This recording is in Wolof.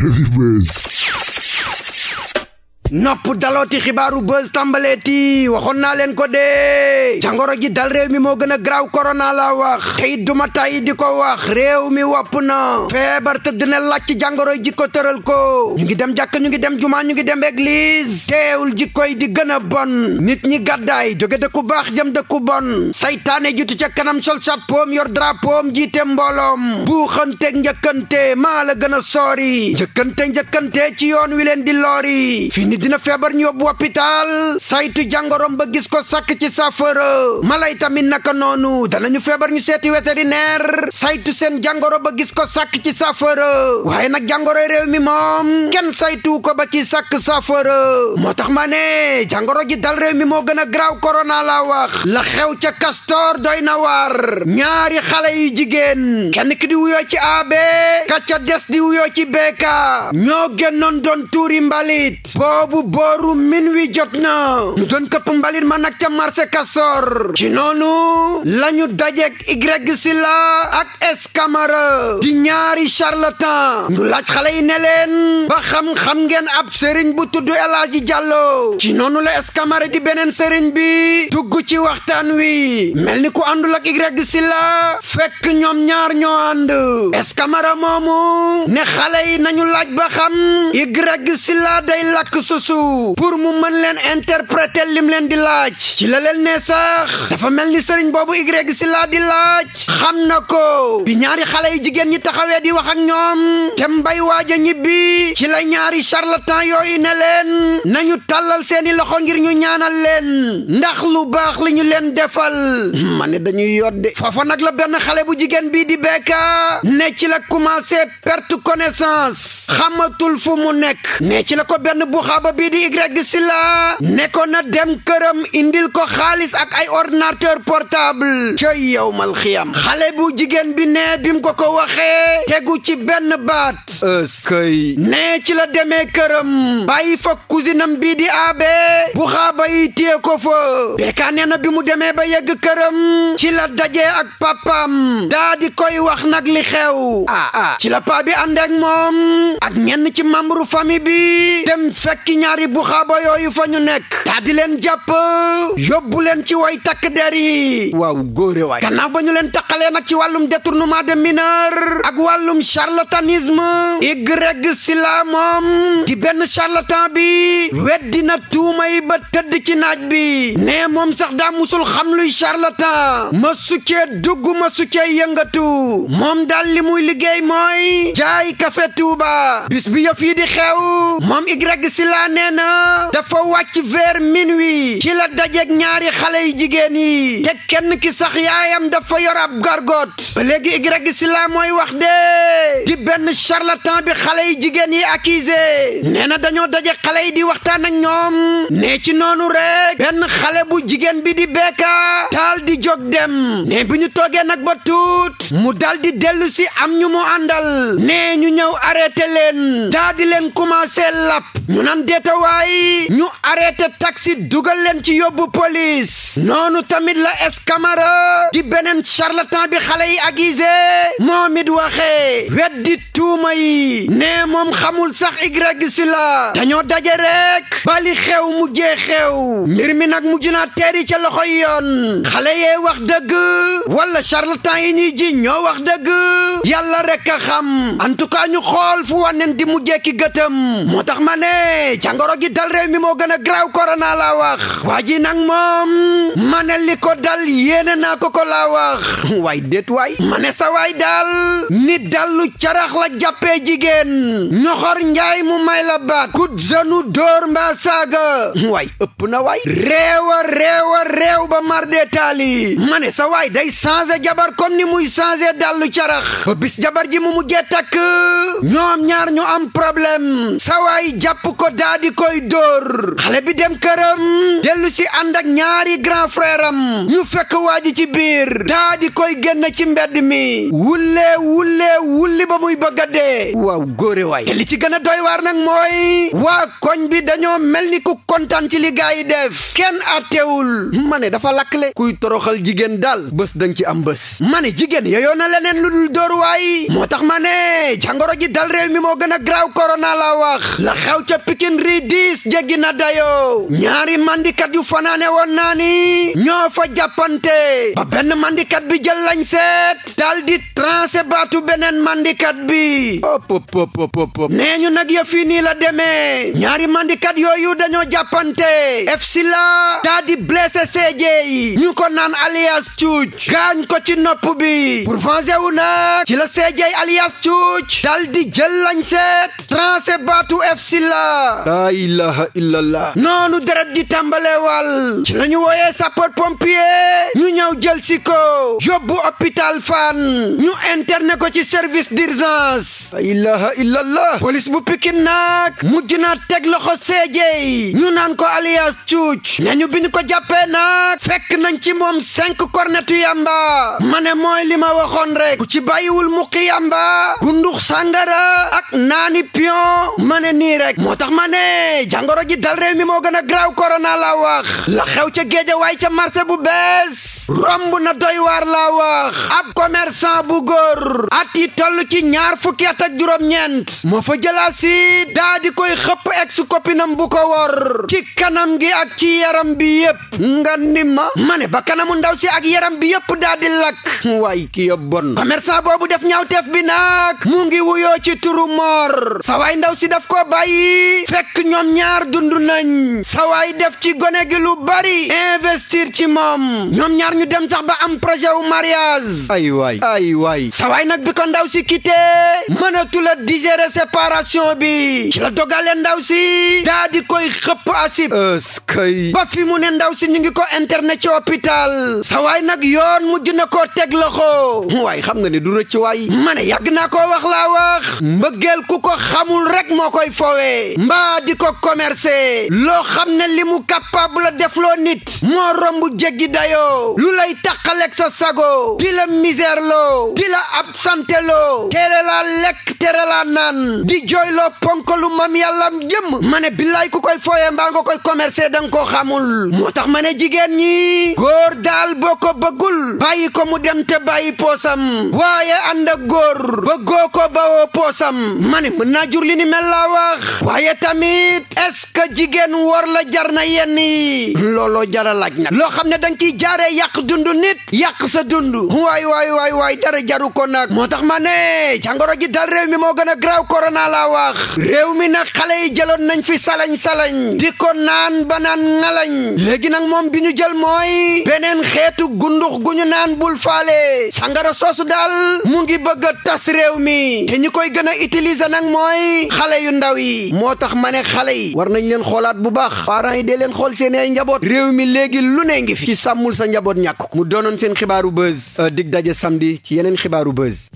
Heavyweight. nopp dalooti xibaaru buzz tàmbaleeti waxoon naa leen ko dee jangoro ji dal réew mi moo gën a graaw korona la wax xëyit duma tàyyi di ko wax réew mi wopp na feebar tëdd na laaj ci jangoro ji ko tëral ko ñu ngi dem jàkk ñu ngi dem jumaa ñu ngi dem église teewul jikkoy di gën a bon nit ñi gàddaay jóge dëkku baax jëm dëkku bon saytaane jitu ca kanam sol sapom yor drapoom jiite bu buuxanteeg njëkkante maa la gën a soori njëkkante njëkkante ci yoon wi leen di loori dina feebar ñu yóbbu hôpital saytu jàngorom ba gis ko sàkk ci saafara mala yi tamit naka noonu danañu feebar ñu seeti vétérinaire saytu seen jàngoro ba gis ko sakk ci saafara waaye nag jàngoro réew mi moom kenn saytu ko ba ci sàkk saafara moo tax mane ne jàngoro ji dal réew mi moo gën a graaw corona laa wax la xew ca Castor doy na war ñaari xale yu jigéen kenn ki di wuyoo ci AB ka ca des di wuyoo ci BK ñoo génnoon doon tuuri mbalit boobu booru min wi jot na ñu doon këpp mbalit ma nag ca marché Castor ci noonu la ñu dajeek Y Silla ak S Camara di ñaari charlatan ñu laaj xale yi ne ba xam-xam ngeen ab sëriñ bu tudd El Hadji Diallo ci noonu la S Camara di beneen sëriñ bi dugg ci waxtaan wi mel ni ku àndul ak Y Silla fekk ñoom ñaar ñoo ànd S Camara moomu ne xale nañu laaj ba xam Y Silla day lakk su kursu pour mu mën leen interpréter lim leen di laaj ci la leen ne sax dafa mel ni sëriñ boobu Y si laa di laaj xam na ko bi ñaari xale yu jigéen ñi taxawee di wax ak ñoom te mbay waaj a ñibbi ci la ñaari charlatan yooyu ne leen nañu tàllal seeni loxo ngir ñu ñaanal leen ndax lu baax li ñu leen defal ma ne dañuy yodde foofa nag la benn xale bu jigéen bii di beeka ne ci la commencé perte connaissance xamatul fu mu nekk ne ci la ko benn buxaaba papa bii di Y Silla nekkoon na dem këram indil ko xaalis ak ay ordinateur portable coy yow mal xale bu jigéen bi nee bim ko ko waxee tegu ci benn baat ëskëy nee ci la demee këram bàyyi fa cousinam bii di abe bu xaaba yi téye ko fa bekaa nee na bi mu demee ba yegg këram ci la dajee ak papam daa di koy wax nag li xew ah ah ci la paa bi moom ak ñenn ci membre famille bi dem fekki ñaari buxaaba yooyu fa ñu nekk daa di leen jàpp yóbbu leen ci way takk der yi waaw góore waay gannaaw ba ñu leen taqalee nag ci wàllum détournement de mineur ak wàllum charlatanisme Greg Sylla moom di benn charlatan bi weddi na tuuma yi ba tëdd ci naaj bi nee moom sax daa musul xam luy charlatan ma succee dugg ma succee yëngatu moom daal li muy liggéey mooy jaay café Touba bis bi yëf xew moom Y Sylla Touba na dafa wàcc vers wi ci la dajeeg ñaari xale yu jigéen yi te kenn ki sax yaayam dafa yor ab gargot ba léegi si Sylla mooy wax de di benn charlatan bi xale yu jigéen yi accusé nee na dañoo daje xale yi di waxtaan ak ñoom nee ci noonu rek benn xale bu jigéen bi di beeka taal di jóg dem nee bi ñu toogee nag ba tuut mu dal di dellu si am ñu mu àndal nee ñu ñëw arrêté leen daa di leen commencé lap ñu déetawaay ñu arrêté taxi dugal leen ci yóbbu police noonu tamit la escamara di beneen charlatan bi xale yi accusé moom it waxee weddi tuuma yi ne moom xamul sax Y si la dañoo daje rek bali xew mujjee xew mbir mi nag mujj naa teeri ca loxo loxoy yoon xale yee wax dëgg wala charlatan yi ñuy ji ñoo wax dëgg yàlla rek a xam en tout cas ñu xool fu wànneen di mujjee ki gëtëm moo tax ma ne cangoro gi dal réew mi moo gën a graaw korona laa wax waa ji nag moom ma ne li ko dal yéene naa ko ko laa wax waay déet waay ma ne sa waay dal lu carax la jàppee jigéen ñoxor njaay mu may la baat kut zanu dóor mbaa saaga waay ëpp na waay réewa réewa réew ba mar dee taali ma ne sa waay day changé jabar kon ni muy changé dal lu carax ba bis jabar ji mu mujjee takk ñoom ñaar ñu am problème sa waay jàpp ko daal daa di koy dóor xale bi dem këram dellu si ànd ak ñaari grand frère am ñu fekk waa ji ci biir daa di koy génn ci mbedd mi wullee wullee wulli ba muy bëgg a dee waaw góore waay te li ci gën a doy waar nag mooy waa koñ bi dañoo mel ni ku kontaan ci li yi def kenn attewul ma ne dafa lakkle kuy toroxal jigéen daal bës dañ ci am bës ma ne jigéen yooyoo na leneen lu dul dóor waay moo tax ma ne jàngoro ji dal réew mi moo gën a graaw korona la wax la xew ca Pikine Henry na dayoo ñaari mandikat yu fanaane woon naa ni ñoo fa jàppante ba benn bi jël lañ seet dal di trancé bi op nee ñu nag yëf yi nii la demee ñaari mandikat yooyu dañoo jàppante FC la daa di blessé ñu ko naan alias Cuuc gaañ ko ci nopp bi pour venger wu nag ci la CJ alias Cuuc dal seet trancé baatu nafsi la laa ilaha noonu deret di tàmbalee wal ci lañu wooyee sapeur pompier ñu ñëw jël si ko yóbbu hôpital fan ñu interné ko ci service d'urgence laa ilaha illallah police bu pikin nag mujj na teg loxo seejeey ñu naan ko alias cuuc nañu bi ko jàppee nag fekk nañ ci moom cinq kornetu yamba ma ne mooy li ma waxoon rek ku ci bàyyiwul muqi yamba gundux sàngara ak naani pion ma ne nii moo tax ma ne jàngoro ji dal réew mi moo gën a graaw korona laa wax la xew ca géejawaay ca marché bu bees romb na doy waar laa wax ab commerçant bu góor at yi toll ci ñaar fukki at ak juróom-ñeent moo fa jëlaa si daa di koy xëpp ex copinam bu ko wor ci kanam gi ak ci yaram bi yëpp nga ma ma ba kanamu ndaw si ak yaram bi yëpp daa lakk waay ki yëpp bon commerçant boobu def ñaawteef bi nag mu ngi wuyoo ci turu moor sa ndaw si daf ko ba bàyyi fekk ñoom ñaar dund nañ saway def ci gone gi lu bari investir ci moom ñoom ñaar ñu dem sax ba am projet wu mariage ay waay ay nag bi ko ndaw si quitté mënatu la digérer séparation bi ci la dogale ndaw si daa di koy xëpp asib eskay ba fi mu ne ndaw si ñu ngi ko internet ci hôpital sawaay nag yoon mujj na ko teg loxo waay xam nga ne du rëcc waay ma ne yàgg naa ko wax laa wax mbëggeel ku ko xamul rek moo koy fowe mbaa di ko commercé loo xam ne li mu capable defloo nit moo romb jéggi dayoo lu lay taqaleeg sa sago di la misère loo di la absenté loo tere lekk tere laa naan di jooy jooyloo ponkolu mam yàllam jëm ma ne billaay ku koy fowe mbaa nga koy commercé da nga koo xamul moo tax ma ne jigéen ñi góor daal boo ko bëggul bàyyi ko mu dem te bàyyi poosam waaye ànd ak góor bëggoo ko bawoo poosam ma ne mën naa ni mel laa waa baax waaye tamit est-ce que la jar na yenn yi looloo jara laaj nag loo xam ne da nga ciy jaaree yàq dund nit yàq sa dund waay waay waaye waay dara jaru ko nag moo tax ma ne jàngoro ji dal réew mi moo gën a graaw korona la wax réew mi na xale yi jëloon nañ fi salañ-salañ di ko naan ba naan ngalañ léegi nag moom bi ñu jël mooy beneen xeetu gundux gu ñu naan bul faale sangara soosu daal mu ngi bëgg a tas réew mi te ñi koy gën a utiliser nag mooy xale yu ndaw yi moo tax ma ne xale yi war nañ leen xoolaat bu baax parents yi dee leen xool seen ay njaboot réew mi léegi lu ne ngi fi ci sàmmul sa njaboot ñàkk mu doonoon seen xibaaru buzz euh, dig daje sam samedi ci yeneen xibaaru buzz